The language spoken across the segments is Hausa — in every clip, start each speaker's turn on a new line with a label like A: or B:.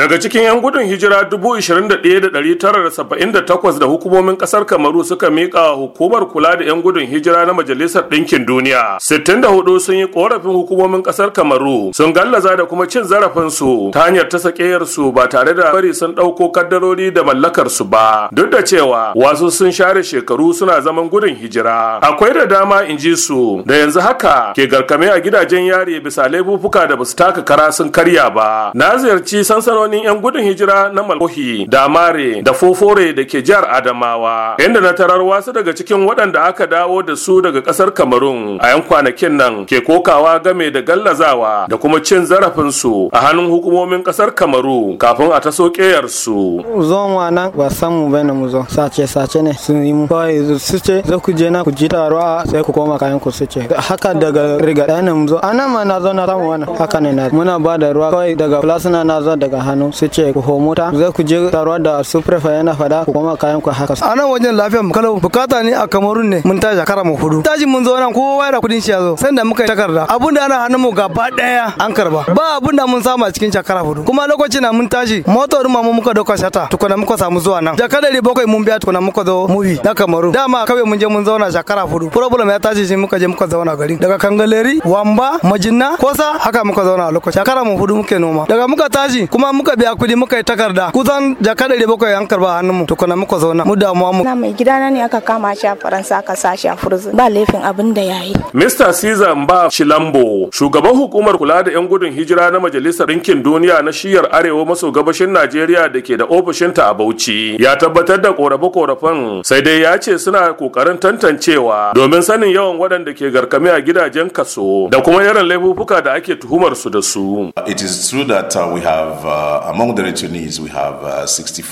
A: Daga cikin 'yan gudun hijira 21,978 da hukumomin kasar Kamaru suka miƙa hukumar kula da 'yan gudun hijira na Majalisar Ɗinkin Duniya. 64 sun yi ƙorafin hukumomin kasar Kamaru sun gallaza da kuma cin zarafinsu ta hanyar ta sakeyarsu ba tare da bari sun ɗauko kaddarori da mallakarsu ba. Duk da cewa wasu sun share shekaru suna zaman gudun hijira. Akwai da dama in ji su da yanzu haka ke garkame a gidajen yari, bisa laifuffuka da basu taka kara sun karya ba. Na ziyarci sansanoni sansanonin 'yan gudun hijira na malohi da mare da Fofore da ke jihar Adamawa inda na tarar wasu daga cikin waɗanda aka dawo da su daga ƙasar Kamarun a 'yan kwanakin nan ke kokawa game da gallazawa da kuma cin zarafin su. a hannun hukumomin ƙasar Kamaru kafin a taso su.
B: Zon wa nan ba mu bane mu zo sace sace ne sun yi mu kawai su ce za ku je na ku ji taruwa sai ku koma kayan ku su ce haka daga riga ɗaya ne mu zo anan ma na zo na samu wannan haka ne na muna ba da ruwa kawai daga plasina na zo daga hannu su ce ku ta zai ku je taruwa da su prefa yana fada ku koma kayan ku haka a nan wajen lafiya mu kalau bukata ne a kamarun ne mun tashi kara mu hudu tashi mun zo nan kowa da kudin shi yazo sanda da muka yi takarda abun da ana hannun mu gaba daya an karba ba abun da mun samu a cikin shakara hudu kuma lokacin na mun tashi motar mu muka dauka shata tukuna muka samu zuwa nan da dari bakwai mun biya tukuna muka zo muvi na kamaru dama kawai mun je mun zauna shakara hudu problem ya tashi shi muka je muka zauna gari daga kangaleri wamba majinna kosa haka muka zauna a lokacin shakara mu hudu muke noma daga muka tashi kuma muka biya kudi muka yi takarda kusan jaka da bakwai an karba hannun mu tukuna muka zauna mu damuwa mu. Na mai gidana ne aka kama shi a Faransa aka sa shi a furzin ba laifin abin da ya yi. Mr. Caesar Mba
A: Shilambo shugaban hukumar kula da 'yan gudun hijira na Majalisar Ɗinkin Duniya na shiyar Arewa maso gabashin Najeriya da ke da ofishinta a Bauchi ya tabbatar da korafe-korafen sai dai ya ce suna kokarin tantancewa domin sanin yawan waɗanda ke garkame a gidajen kaso da kuma
C: yaran laifuffuka da ake tuhumar su da su. It is true that uh, we have uh, uh, among the returnees, we have 64%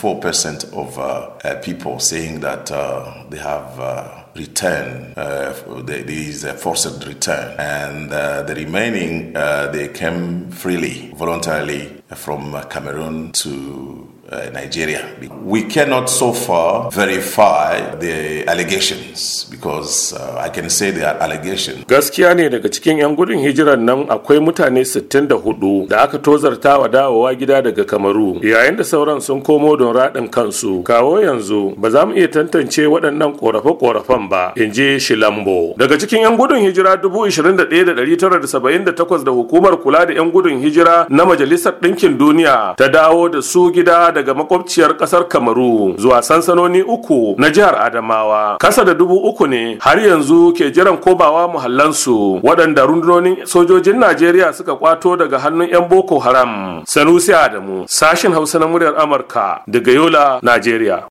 C: uh, of uh, uh, people saying that they have returned, uh, these forced return, and uh, the remaining uh, they came freely, voluntarily from Cameroon to uh, Nigeria. We cannot so far verify the allegations because uh, I can say they are allegations.
A: Gaskiya ne daga cikin 'yan gudun hijirar nan akwai mutane 64 da aka tozarta wa dawowa gida daga Kamaru yayin da sauran sun komo don raɗin kansu. Kawo yanzu ba za mu iya tantance waɗannan ƙorafe-ƙorafen ba, in ji Shilambo. Daga cikin 'yan gudun hijira 21,978 da hukumar kula da 'yan gudun hijira na Majalisar Ɗinkin Duniya ta dawo da su gida da daga makwabciyar kasar kamaru zuwa sansanoni uku na jihar adamawa kasa da dubu uku ne har yanzu ke jiran kobawa muhallansu waɗanda rundunonin sojojin najeriya suka kwato daga hannun 'yan boko haram sanusi adamu sashin hausa na muryar amurka daga yola najeriya